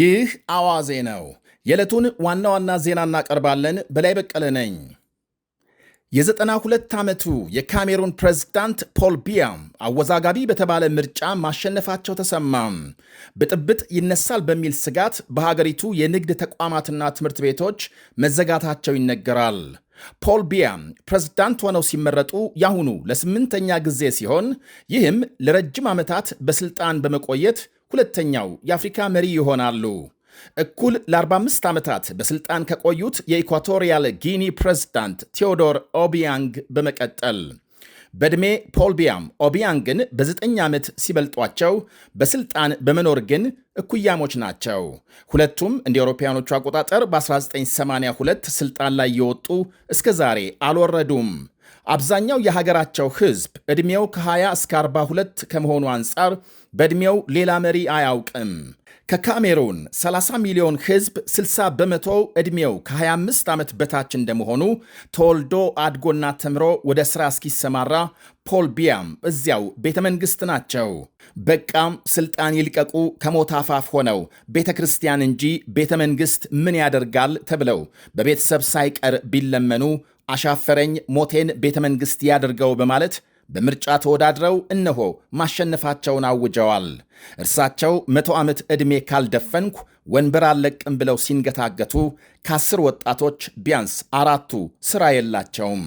ይህ አዋዜ ነው። የዕለቱን ዋና ዋና ዜና እናቀርባለን። በላይ በቀለ ነኝ። የዘጠና ሁለት ዓመቱ የካሜሩን ፕሬዝዳንት ፖል ቢያ አወዛጋቢ በተባለ ምርጫ ማሸነፋቸው ተሰማ። ብጥብጥ ይነሳል በሚል ስጋት በሀገሪቱ የንግድ ተቋማትና ትምህርት ቤቶች መዘጋታቸው ይነገራል። ፖል ቢያ ፕሬዝዳንት ሆነው ሲመረጡ ያሁኑ ለስምንተኛ ጊዜ ሲሆን ይህም ለረጅም ዓመታት በስልጣን በመቆየት ሁለተኛው የአፍሪካ መሪ ይሆናሉ። እኩል ለ45 ዓመታት በስልጣን ከቆዩት የኢኳቶሪያል ጊኒ ፕሬዝዳንት ቴዎዶር ኦቢያንግ በመቀጠል በዕድሜ ፖል ቢያም ኦቢያን ግን በዘጠኝ ዓመት ሲበልጧቸው በስልጣን በመኖር ግን እኩያሞች ናቸው። ሁለቱም እንደ አውሮፓውያኖቹ አቆጣጠር በ1982 ስልጣን ላይ የወጡ እስከ ዛሬ አልወረዱም። አብዛኛው የሀገራቸው ሕዝብ ዕድሜው ከ20 እስከ 42 ከመሆኑ አንጻር በዕድሜው ሌላ መሪ አያውቅም። ከካሜሩን 30 ሚሊዮን ህዝብ 60 በመቶ ዕድሜው ከ25 ዓመት በታች እንደመሆኑ ተወልዶ አድጎና ተምሮ ወደ ሥራ እስኪሰማራ ፖል ቢያም እዚያው ቤተ መንግሥት ናቸው። በቃም ሥልጣን ይልቀቁ ከሞት አፋፍ ሆነው ቤተ ክርስቲያን እንጂ ቤተ መንግሥት ምን ያደርጋል ተብለው በቤተሰብ ሳይቀር ቢለመኑ አሻፈረኝ ሞቴን ቤተ መንግሥት ያድርገው በማለት በምርጫ ተወዳድረው እነሆ ማሸነፋቸውን አውጀዋል። እርሳቸው መቶ ዓመት ዕድሜ ካልደፈንኩ ወንበር አለቅም ብለው ሲንገታገቱ ከአስር ወጣቶች ቢያንስ አራቱ ሥራ የላቸውም።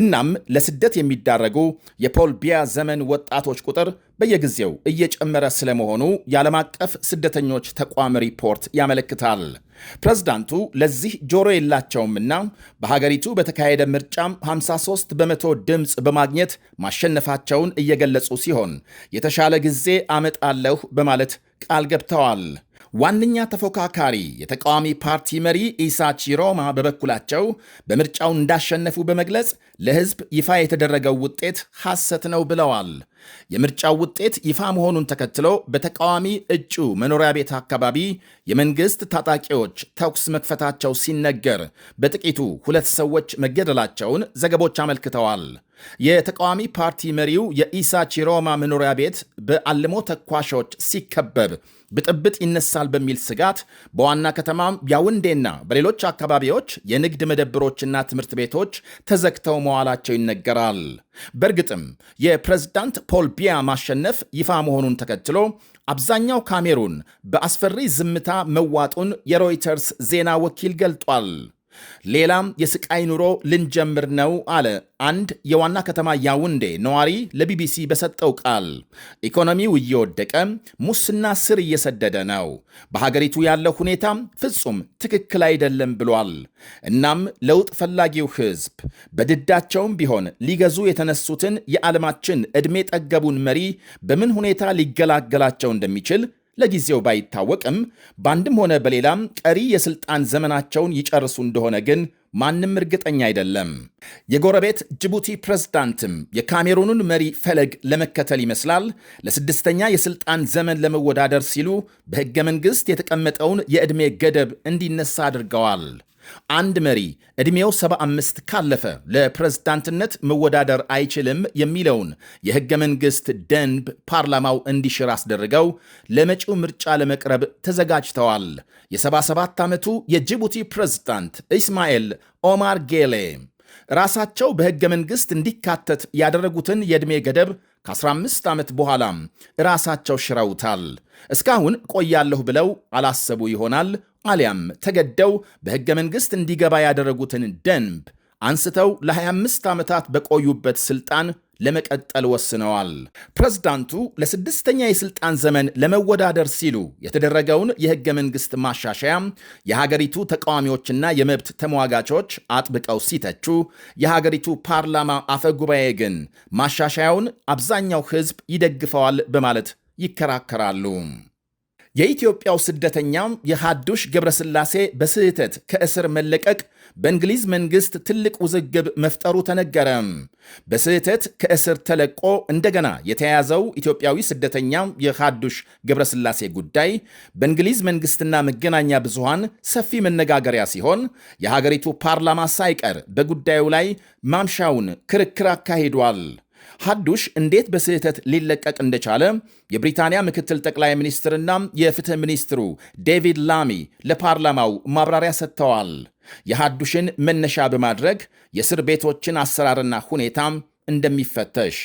እናም ለስደት የሚዳረጉ የፖል ቢያ ዘመን ወጣቶች ቁጥር በየጊዜው እየጨመረ ስለመሆኑ የዓለም አቀፍ ስደተኞች ተቋም ሪፖርት ያመለክታል። ፕሬዝዳንቱ ለዚህ ጆሮ የላቸውምና በሀገሪቱ በተካሄደ ምርጫም 53 በመቶ ድምፅ በማግኘት ማሸነፋቸውን እየገለጹ ሲሆን የተሻለ ጊዜ አመጣለሁ በማለት ቃል ገብተዋል። ዋነኛ ተፎካካሪ የተቃዋሚ ፓርቲ መሪ ኢሳ ቺሮማ በበኩላቸው በምርጫው እንዳሸነፉ በመግለጽ ለሕዝብ ይፋ የተደረገው ውጤት ሐሰት ነው ብለዋል። የምርጫው ውጤት ይፋ መሆኑን ተከትሎ በተቃዋሚ እጩ መኖሪያ ቤት አካባቢ የመንግስት ታጣቂዎች ተኩስ መክፈታቸው ሲነገር በጥቂቱ ሁለት ሰዎች መገደላቸውን ዘገቦች አመልክተዋል። የተቃዋሚ ፓርቲ መሪው የኢሳ ቺሮማ መኖሪያ ቤት በአልሞ ተኳሾች ሲከበብ ብጥብጥ ይነሳል በሚል ስጋት በዋና ከተማም ያውንዴና በሌሎች አካባቢዎች የንግድ መደብሮችና ትምህርት ቤቶች ተዘግተው መዋላቸው ይነገራል። በእርግጥም የፕሬዝዳንት ፖል ቢያ ማሸነፍ ይፋ መሆኑን ተከትሎ አብዛኛው ካሜሩን በአስፈሪ ዝምታ መዋጡን የሮይተርስ ዜና ወኪል ገልጧል። ሌላም የስቃይ ኑሮ ልንጀምር ነው አለ አንድ የዋና ከተማ ያውንዴ ነዋሪ ለቢቢሲ በሰጠው ቃል። ኢኮኖሚው እየወደቀ ሙስና ስር እየሰደደ ነው። በሀገሪቱ ያለው ሁኔታ ፍጹም ትክክል አይደለም ብሏል። እናም ለውጥ ፈላጊው ሕዝብ በድዳቸውም ቢሆን ሊገዙ የተነሱትን የዓለማችን ዕድሜ ጠገቡን መሪ በምን ሁኔታ ሊገላገላቸው እንደሚችል ለጊዜው ባይታወቅም በአንድም ሆነ በሌላም ቀሪ የስልጣን ዘመናቸውን ይጨርሱ እንደሆነ ግን ማንም እርግጠኛ አይደለም። የጎረቤት ጅቡቲ ፕሬዝዳንትም የካሜሩኑን መሪ ፈለግ ለመከተል ይመስላል ለስድስተኛ የስልጣን ዘመን ለመወዳደር ሲሉ በሕገ መንግሥት የተቀመጠውን የዕድሜ ገደብ እንዲነሳ አድርገዋል። አንድ መሪ ዕድሜው 75 ካለፈ ለፕሬዝዳንትነት መወዳደር አይችልም የሚለውን የሕገ መንግሥት ደንብ ፓርላማው እንዲሽር አስደርገው ለመጪው ምርጫ ለመቅረብ ተዘጋጅተዋል። የ77 ዓመቱ የጅቡቲ ፕሬዝዳንት ኢስማኤል ኦማር ጌሌ ራሳቸው በሕገ መንግሥት እንዲካተት ያደረጉትን የዕድሜ ገደብ ከ15 ዓመት በኋላም ራሳቸው ሽረውታል። እስካሁን ቆያለሁ ብለው አላሰቡ ይሆናል። አሊያም ተገደው በሕገ መንግሥት እንዲገባ ያደረጉትን ደንብ አንስተው ለ25 ዓመታት በቆዩበት ሥልጣን ለመቀጠል ወስነዋል። ፕሬዝዳንቱ ለስድስተኛ የስልጣን ዘመን ለመወዳደር ሲሉ የተደረገውን የህገ መንግስት ማሻሻያ የሀገሪቱ ተቃዋሚዎችና የመብት ተሟጋቾች አጥብቀው ሲተቹ፣ የሀገሪቱ ፓርላማ አፈ ጉባኤ ግን ማሻሻያውን አብዛኛው ህዝብ ይደግፈዋል በማለት ይከራከራሉ። የኢትዮጵያው ስደተኛም የሐዱሽ ገብረስላሴ በስህተት ከእስር መለቀቅ በእንግሊዝ መንግስት ትልቅ ውዝግብ መፍጠሩ ተነገረ። በስህተት ከእስር ተለቆ እንደገና የተያዘው ኢትዮጵያዊ ስደተኛ የሐዱሽ ገብረስላሴ ጉዳይ በእንግሊዝ መንግስትና መገናኛ ብዙሃን ሰፊ መነጋገሪያ ሲሆን የሀገሪቱ ፓርላማ ሳይቀር በጉዳዩ ላይ ማምሻውን ክርክር አካሂዷል። ሐዱሽ እንዴት በስህተት ሊለቀቅ እንደቻለ የብሪታንያ ምክትል ጠቅላይ ሚኒስትርና የፍትህ ሚኒስትሩ ዴቪድ ላሚ ለፓርላማው ማብራሪያ ሰጥተዋል። የሐዱሽን መነሻ በማድረግ የእስር ቤቶችን አሰራርና ሁኔታም እንደሚፈተሽ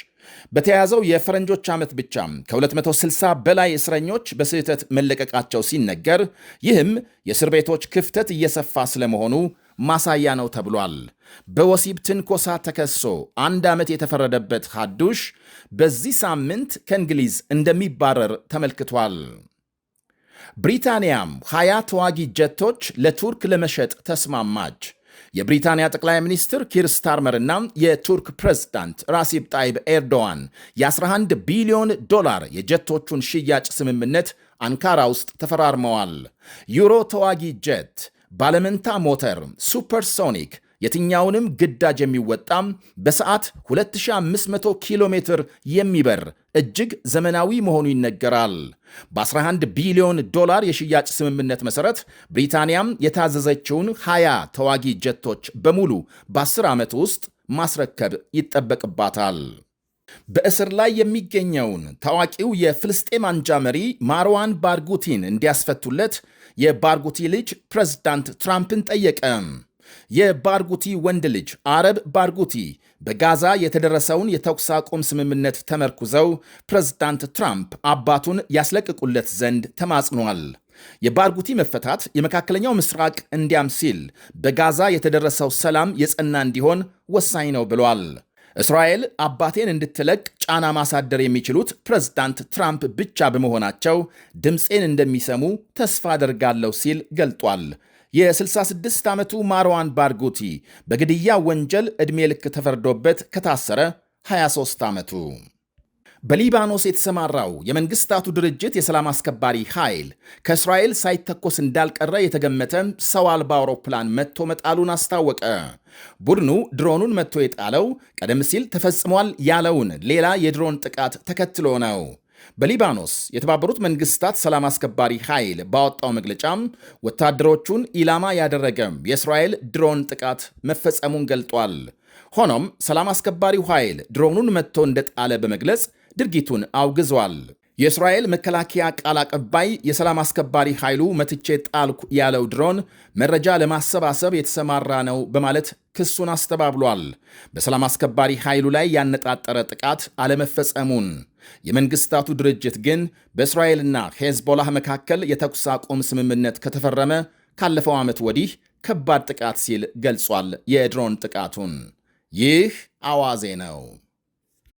በተያያዘው የፈረንጆች ዓመት ብቻ ከ260 በላይ እስረኞች በስህተት መለቀቃቸው ሲነገር ይህም የእስር ቤቶች ክፍተት እየሰፋ ስለመሆኑ ማሳያ ነው ተብሏል። በወሲብ ትንኮሳ ተከሶ አንድ ዓመት የተፈረደበት ሐዱሽ በዚህ ሳምንት ከእንግሊዝ እንደሚባረር ተመልክቷል። ብሪታንያም ሀያ ተዋጊ ጀቶች ለቱርክ ለመሸጥ ተስማማች። የብሪታንያ ጠቅላይ ሚኒስትር ኪር ስታርመር እና የቱርክ ፕሬዝዳንት ራሲብ ጣይብ ኤርዶዋን የ11 ቢሊዮን ዶላር የጀቶቹን ሽያጭ ስምምነት አንካራ ውስጥ ተፈራርመዋል። ዩሮ ተዋጊ ጀት፣ ባለመንታ ሞተር፣ ሱፐርሶኒክ የትኛውንም ግዳጅ የሚወጣም በሰዓት 2500 ኪሎ ሜትር የሚበር እጅግ ዘመናዊ መሆኑ ይነገራል። በ11 ቢሊዮን ዶላር የሽያጭ ስምምነት መሠረት ብሪታንያም የታዘዘችውን 20 ተዋጊ ጀቶች በሙሉ በ10 ዓመት ውስጥ ማስረከብ ይጠበቅባታል። በእስር ላይ የሚገኘውን ታዋቂው የፍልስጤም አንጃ መሪ ማርዋን ባርጉቲን እንዲያስፈቱለት የባርጉቲ ልጅ ፕሬዝዳንት ትራምፕን ጠየቀ። የባርጉቲ ወንድ ልጅ አረብ ባርጉቲ በጋዛ የተደረሰውን የተኩስ አቁም ስምምነት ተመርኩዘው ፕሬዝዳንት ትራምፕ አባቱን ያስለቅቁለት ዘንድ ተማጽኗል። የባርጉቲ መፈታት የመካከለኛው ምስራቅ እንዲያም ሲል በጋዛ የተደረሰው ሰላም የጸና እንዲሆን ወሳኝ ነው ብሏል። እስራኤል አባቴን እንድትለቅ ጫና ማሳደር የሚችሉት ፕሬዝዳንት ትራምፕ ብቻ በመሆናቸው ድምፄን እንደሚሰሙ ተስፋ አደርጋለሁ ሲል ገልጧል። የ66 ዓመቱ ማርዋን ባርጉቲ በግድያ ወንጀል ዕድሜ ልክ ተፈርዶበት ከታሰረ 23 ዓመቱ። በሊባኖስ የተሰማራው የመንግስታቱ ድርጅት የሰላም አስከባሪ ኃይል ከእስራኤል ሳይተኮስ እንዳልቀረ የተገመተ ሰው አልባ አውሮፕላን መጥቶ መጣሉን አስታወቀ። ቡድኑ ድሮኑን መጥቶ የጣለው ቀደም ሲል ተፈጽሟል ያለውን ሌላ የድሮን ጥቃት ተከትሎ ነው። በሊባኖስ የተባበሩት መንግስታት ሰላም አስከባሪ ኃይል ባወጣው መግለጫም ወታደሮቹን ኢላማ ያደረገም የእስራኤል ድሮን ጥቃት መፈጸሙን ገልጧል። ሆኖም ሰላም አስከባሪው ኃይል ድሮኑን መጥቶ እንደጣለ በመግለጽ ድርጊቱን አውግዟል። የእስራኤል መከላከያ ቃል አቀባይ የሰላም አስከባሪ ኃይሉ መትቼ ጣልኩ ያለው ድሮን መረጃ ለማሰባሰብ የተሰማራ ነው በማለት ክሱን አስተባብሏል። በሰላም አስከባሪ ኃይሉ ላይ ያነጣጠረ ጥቃት አለመፈጸሙን የመንግስታቱ ድርጅት ግን በእስራኤልና ሄዝቦላህ መካከል የተኩስ አቁም ስምምነት ከተፈረመ ካለፈው ዓመት ወዲህ ከባድ ጥቃት ሲል ገልጿል። የድሮን ጥቃቱን ይህ አዋዜ ነው።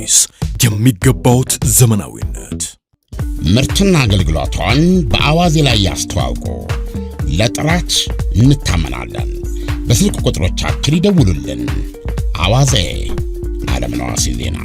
ቢዝነስ የሚገባውት ዘመናዊነት ምርትና አገልግሎቷን በአዋዜ ላይ ያስተዋውቁ። ለጥራች እንታመናለን። በስልክ ቁጥሮቻችን ይደውሉልን። አዋዜ ዓለምነህ ዋሴ ዜና